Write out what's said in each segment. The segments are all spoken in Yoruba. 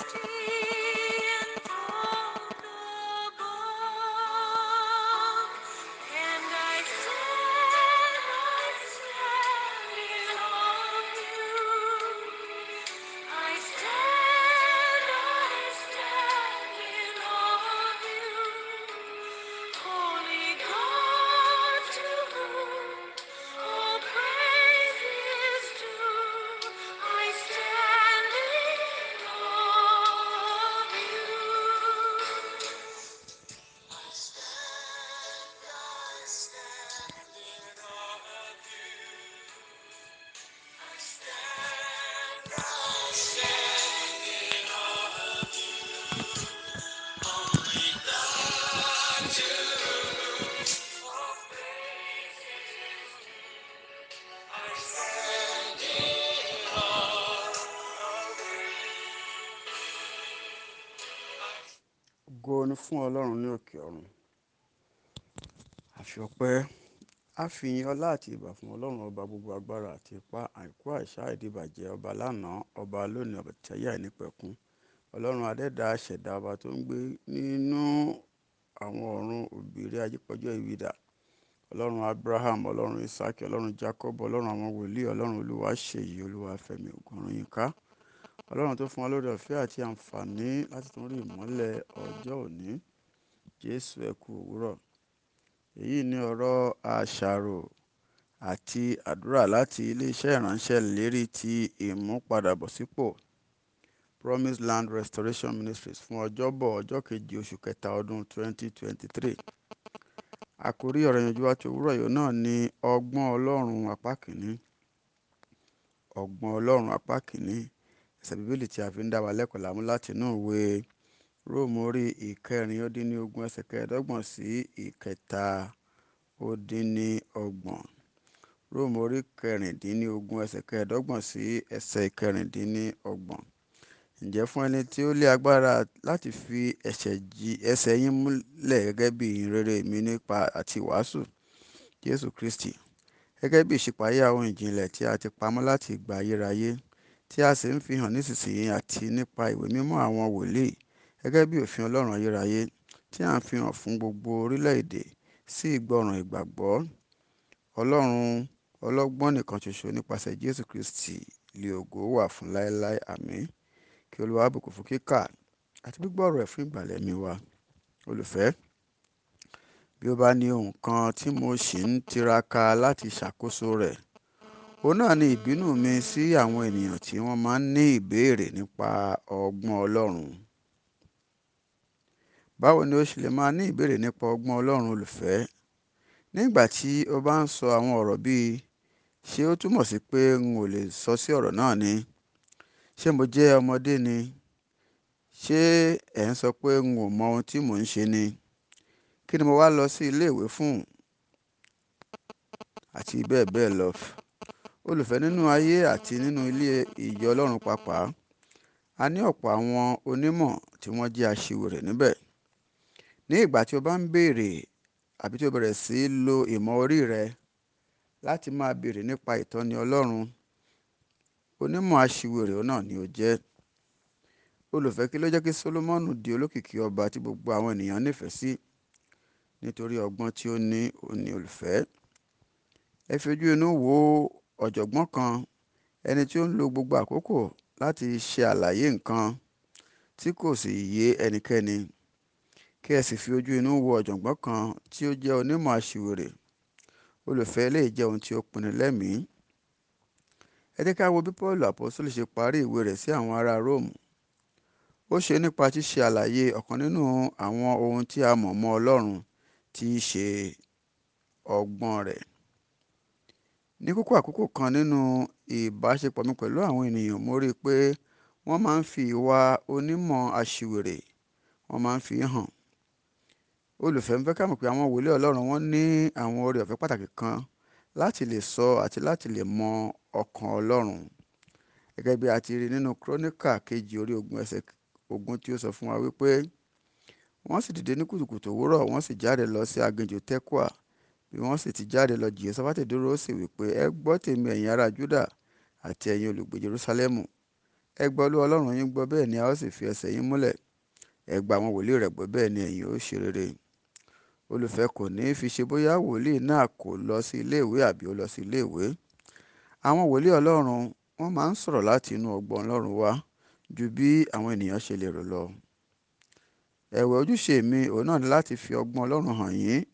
Thank you. ni fún ọlọ́run ní òkè ọ̀run àfi ọpẹ́ a fi yin ọlá àti ìbà fún ọlọ́run ọba gbogbo agbára àti ipá àìkú àìsá ìdìbàjẹ́ ọba lánàá ọba lónìí ọba tẹ́yà nípẹ̀kún ọlọ́run adẹ́dá ṣẹ̀dá ọba tó ń gbé nínú àwọn ọ̀run òbírí ajípọ̀jọ́ ìwídà ọlọ́run abraham ọlọ́run isaac ọlọ́run jacob ọlọ́run àwọn wòlíì ọlọ́run olúwa ṣèyí olúwa fẹ̀mí ògùn ọ̀run yín ká ọlọ́run tó fún wa lórí ọ̀fẹ́ àti àǹfààní láti tún rí ìmọ́lẹ̀ ọjọ́ òní jésù ẹ kú òwúrọ̀ èyí ni ọ̀rọ̀ àṣàrò àti àdúrà láti iléeṣẹ́ ìránṣẹ́ lérí ti ìmúpadàbọ̀sípò promise land restoration ministries fún ọjọ́bọ̀ ọjọ́ kejì oṣù kẹta ọdún 2023 àkórí ọ̀rọ̀ ìyànjú àti òwúrọ̀ yìí náà ni ọgbọ́n ọlọ́run apá kìíní ọgbọ́n ọlọ́run apá kìíní ẹsẹ̀ bíbélì tí a fi ń dá wa lẹ́kọ̀ọ́ lámú láti inú ìwé róòmù orí ìkẹrin ó dín ní ogún ẹsẹ̀ kẹẹ̀ẹ́dọ́gbọ̀n sí ìkẹta ó dín ní ọgbọ̀n róòmù orí kẹrìndínlógún ẹsẹ̀ kẹẹ̀ẹ́dọ́gbọ̀n sí ẹsẹ̀ kẹrìndínlọ́gbọ̀n ǹjẹ́ fún ẹni tí ó lé agbára láti fi ẹsẹ̀ jí ẹsẹ̀ yín múlẹ̀ gẹ́gẹ́ bí ìrere mi nípa àti wàásù jésù kristi gẹ́gẹ́ bí ìṣípayá ohun ìjìnlẹ̀ tí a ti pamọ́ láti ìgbà ayérayé tí a sì ń fi hàn nísinsìnyí àti nípa ìwé mímọ́ àwọn wòlíì gẹ́gẹ́ bí òfin Ọlọ́run ayérayé tí à ń fi hàn fún gbogbo orílẹ̀-èdè sí ìgbọràn ìgbàgbọ́ Ọlọ́run ọlọ́gbọ́n nìkan ṣoṣo nípasẹ̀ Jésù Kristì ni ògo wà fún láéláé. Àmín. Kí Olúwa bùkún fún kíkà àti gbígbọ́ ọ̀rọ̀ ẹ̀ fún ìgbàlẹ̀ mi wa. Olùfẹ́, bí ó bá ní ohun kan tí mo ṣì ń tiraka láti ṣàkóso rẹ̀, òun náà ni ìbínú mi sí àwọn ènìyàn tí wọ́n máa ń ní ìbéèrè nípa ọgbọ́n Ọlọ́run. Báwo ni o ṣe lè máa ní ìbéèrè nípa ọgbọ́n Ọlọ́run olùfẹ́? Nígbà tí o bá ń sọ àwọn ọ̀rọ̀ bíi "ṣé ó túmọ̀ sí pé n ò lè sọ sí ọ̀rọ̀ náà ni? Ṣé mo jẹ́ ọmọdé ni? Ṣé ẹ̀ ń sọ pé n ò mọ ohun tí mò ń ṣe ni? Kí ni mo wá lọ sí ilé ìwé fún?" àti bẹ́ẹ̀ bẹ́ẹ̀ lọ olùfẹ́ nínú ayé àti nínú ilé ìjọ ọlọ́run pàápàá a ní ọ̀pọ̀ àwọn onímọ̀ tí wọ́n jẹ́ aṣiwèrè níbẹ̀ ní ìgbà tí o bá ń béèrè àbí tí o bẹ̀rẹ̀ sí í lo ìmọ̀ orí rẹ láti máa béèrè nípa ìtọ́ni ọlọ́run onímọ̀ aṣiwèrè náà ni o jẹ́ olùfẹ́ kí ló jẹ́ kí Sólómọ́nì di olókìkí ọba tí gbogbo àwọn ènìyàn nífẹ̀ẹ́ sí nítorí ọgbọ́n tí ó ní òní olùfẹ́ ẹ fi ojú inú wo ọ̀jọ̀gbọ́n kan, ẹni tí ó ń lo gbogbo àkókò láti ṣe àlàyé nǹkan tí kò sì yé ẹnikẹ́ni, kí ẹ sì fi ojú inú wo ọ̀jọ̀gbọ́n kan tí ó jẹ́ onímọ̀ aṣiwèrè. Olùfẹ́, eléyìí jẹ́ ohun tí ó pinni lẹ́mìí. Ẹ jẹ́ ká wo bí Paulu Àpọ́sítélì ṣe parí ìwé rẹ̀ sí àwọn ará Róòmù. Ó ṣe nípa ṣíṣe àlàyé ọ̀kan nínú àwọn ohun tí a mọ̀ mọ́ Ọlọ́run tí í ṣe ọgbọ́n rẹ̀. Ní kókó àkókò kan nínú ìbáṣepọ̀ mi pẹ̀lú àwọn ènìyàn, mo rí i pé wọ́n máa ń fi ìwà onímọ̀ aṣiwèrè, wọ́n máa ń fi hàn. Olùfẹ́ mi fẹ́ ká mọ̀ pé àwọn wòlíì Ọlọ́run wọ́n ní àwọn oore-ọ̀fẹ́ pàtàkì kan láti lè sọ àti láti lè mọ ọkàn Ọlọ́run. Gẹ́gẹ́ bí a ti rí nínú Króníkà kejì orí ogún ẹsẹ̀ ogún tí ó sọ fún wa wípé, "Wọ́n sì dìde ní kùtùkùtù òwúrọ̀, wọ́n sì jáde lọ sí aginjù Tekoa. Bí wọ́n sì ti jáde lọ, Jehoṣafati dúró ó sì wí pé, “Ẹ gbọ́ tèmi ẹ̀yin ará Juda àti ẹ̀yin olùgbé Jerusalẹmu. Ẹ gba Olúwa Ọlọ́run yín gbọ́ bẹ́ẹ̀ ni a ó sì fi ẹsẹ̀ yín múlẹ̀. Ẹ gba àwọn wòlíì rẹ̀ gbọ́ bẹ́ẹ̀ ni ẹ̀yin ó ṣe rere.” Olùfẹ́ kò ní í fi ṣe bóyá wòlíì náà kò lọ sí ilé ìwé àbí ó lọ sí ilé ìwé. Àwọn wòlíì Ọlọ́run wọ́n máa ń sọ̀rọ̀ láti inú ọgbọ́n Ọlọ́run wá ju bí àwọn ènìyàn ṣe lè rò lọ. Ẹ̀wẹ̀ ojúṣe mi òun náà ni láti fi ọgbọ́n Ọlọ́run hàn yín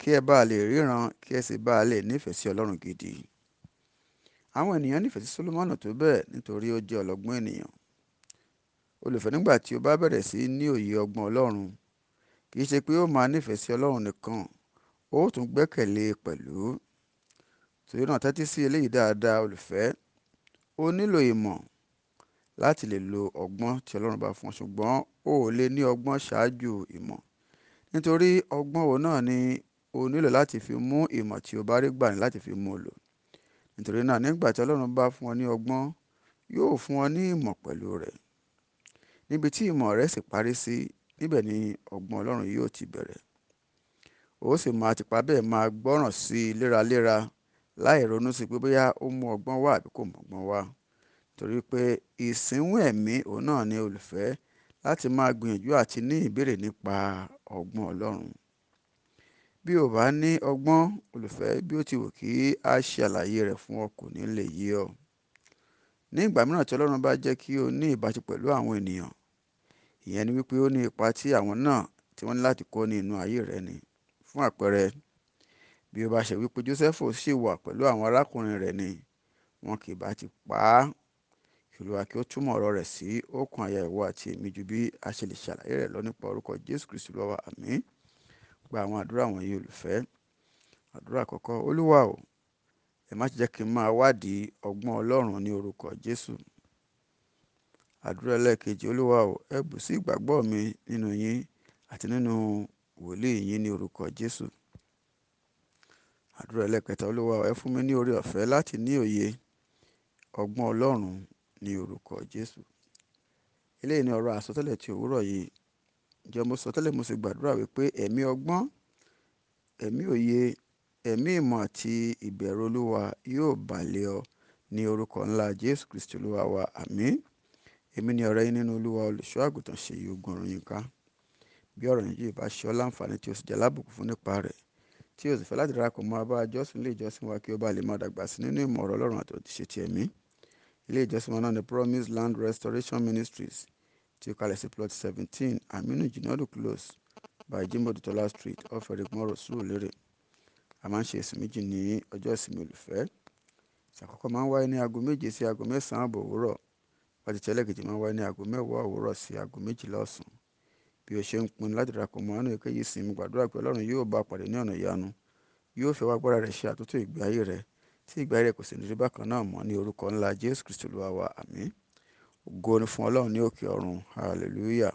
kí ẹ bá lè ríran kí ẹ sì bá lè nífẹ̀ẹ́ sí ọlọ́run gidi. àwọn ènìyàn nífẹ̀ẹ́ sí solomoni tó bẹ́ẹ̀ nítorí ó jẹ́ ọlọ́gbọ́n ènìyàn. olùfẹ́ nígbà tí o bá bẹ̀rẹ̀ sí ní òye ọgbọ́n ọlọ́run kì í ṣe pé ó máa nífẹ̀ẹ́ sí ọlọ́run nìkan ó tún gbẹ́kẹ̀lé e pẹ̀lú. torí náà tẹ́tí sí eléyìí dáadáa olùfẹ́ ó nílò ìmọ̀ láti lè lo ọgbọ́n tí ọlọ́run bá fún ṣùgbọ́n o ò lè ní ọgbọ́n ṣáájú ìmọ̀ nítorí ọgbọ́n wo náà ni o nílò láti fi mú ìmọ̀ tí o bá rí gbà ní láti fi mú un lò. Nítorí náà nígbà tí Ọlọ́run bá fún ọ ní ọgbọ́n, yóò fún ọ ní ìmọ̀ pẹ̀lú rẹ̀. Níbi tí ìmọ̀ rẹ sì parí sí, níbẹ̀ ni ọgbọ́n Ọlọ́run yóò ti bẹ̀rẹ̀. O sì máa tìpa bẹ́ẹ̀ máa gbọ́ràn sí i léraléra láì ronú sí pé bóyá ó mú ọgbọ́n wá àbí kò mú ọgbọ́n wá. Nítorí pé ìsínwú ẹ̀mí òun náà ni olùfẹ́ láti máa gbìyànjú àti ní ìbéèrè nípa ọgbọ́n Ọlọ́run bí o ò bá ní ọgbọ́n olùfẹ́ bí ó ti wù kí a ṣe àlàyé rẹ̀ fún ọ kò ní lè yé ọ. Ní ìgbà mìíràn tí Ọlọ́run bá jẹ́ kí o ní ìbáṣe pẹ̀lú àwọn ènìyàn, ìyẹn ni wípé ó ní ipa tí àwọn náà tí wọ́n ní láti kó ní inú ayé rẹ ni. Fún àpẹẹrẹ, bí ó bá ṣe wípé Jósẹ́fù sì wà pẹ̀lú àwọn arákùnrin rẹ̀ ni, wọn kì bá ti pa á. Kí kí ó túmọ̀ ọ̀rọ̀ rẹ̀ sí òkun àyà ìwọ àti èmi ju bí a ṣe lè ṣàlàyé rẹ̀ lọ nípa orúkọ Jésù Kristi Olúwa wa Gba àwọn àdúrà wọ̀nyí olùfẹ́. Àdúrà àkọ́kọ́, Olúwa o, ẹ má ṣe jẹ́ kí n máa wádìí ọgbọ́n Ọlọ́run ní orúkọ Jésù. Àdúrà ẹlẹ́ẹ̀kejì, Olúwa o, ẹ bù sí ìgbàgbọ́ mi nínú yín àti nínú wòlíì yín ní orúkọ Jésù. Àdúrà ẹlẹ́ẹ̀kẹta, Olúwa o, ẹ fún mi ní oore ọ̀fẹ́ láti ní òye ọgbọ́n Ọlọ́run ní orúkọ Jésù. Eléyìí ni ọ̀rọ̀ àsọtẹ́lẹ̀ ti òwúrọ̀ yìí. Ǹjẹ́ mo sọ tẹ́lẹ̀ mo sì gbàdúrà wípé ẹ̀mí ọgbọ́n, ẹ̀mí òye, ẹ̀mí ìmọ̀ àti ìbẹ̀rù Olúwa yóò bà ọ ní orúkọ ńlá Jésù Kristi Olúwa wa. Àmín. Èmi ni ọ̀rẹ́ yín nínú Olúwa olùṣọ́ àgùntàn Ṣèyí Ogun Ọ̀rúnyìnká. Bí ọ̀rọ̀ yìí yóò bá ṣe ọ́ láǹfààní tí o sì jẹ́ alábùkún fún nípa rẹ̀, tí o sì fẹ́ láti darapọ̀ mọ́ abá ìjọsìn ilé ìjọsìn wa kí o bá lè máa dàgbà sí nínú ìmọ̀ ọ̀rọ̀ Ọlọ́run àti òtítọ́ ti ẹ̀mí. Ilé ìjọsìn wa náà ni Promise Land Restoration Ministries. To ó kalẹ̀ sí plot seventeen aminu jinadu close by jimoh dutola street off erigbonro surulere a máa ń ṣe ìsìn méjì ní ọjọ́ ìsinmi olùfẹ́ ìṣàkọ́kọ́ máa ń wáyé ní aago méje sí aago mẹ́sàn-án àbọ̀ òwúrọ̀ wájú tẹ́lẹ̀ kejì máa ń wáyé ní a mẹ́wàá òwúrọ̀ sí aago méjìlá ọ̀sán bí o ṣe ń pinnu láti darapọ̀ mọ́ àánú èkéyìí sìn mí gbàdúrà pé ọlọ́run yóò bá a pàdé ní ọ̀nà ìyanu yóò fẹ́ wá agbára rẹ̀ ṣe àtúntò ìgbé ayé rẹ tí ìgbé ayé rẹ kò sì ní rí bákan náà mọ́ ní orúkọ ńlá jésù kristu olúwa wa àmín Ògo ni fún Ọlọ́run ní òkè ọ̀run. Hallelujah.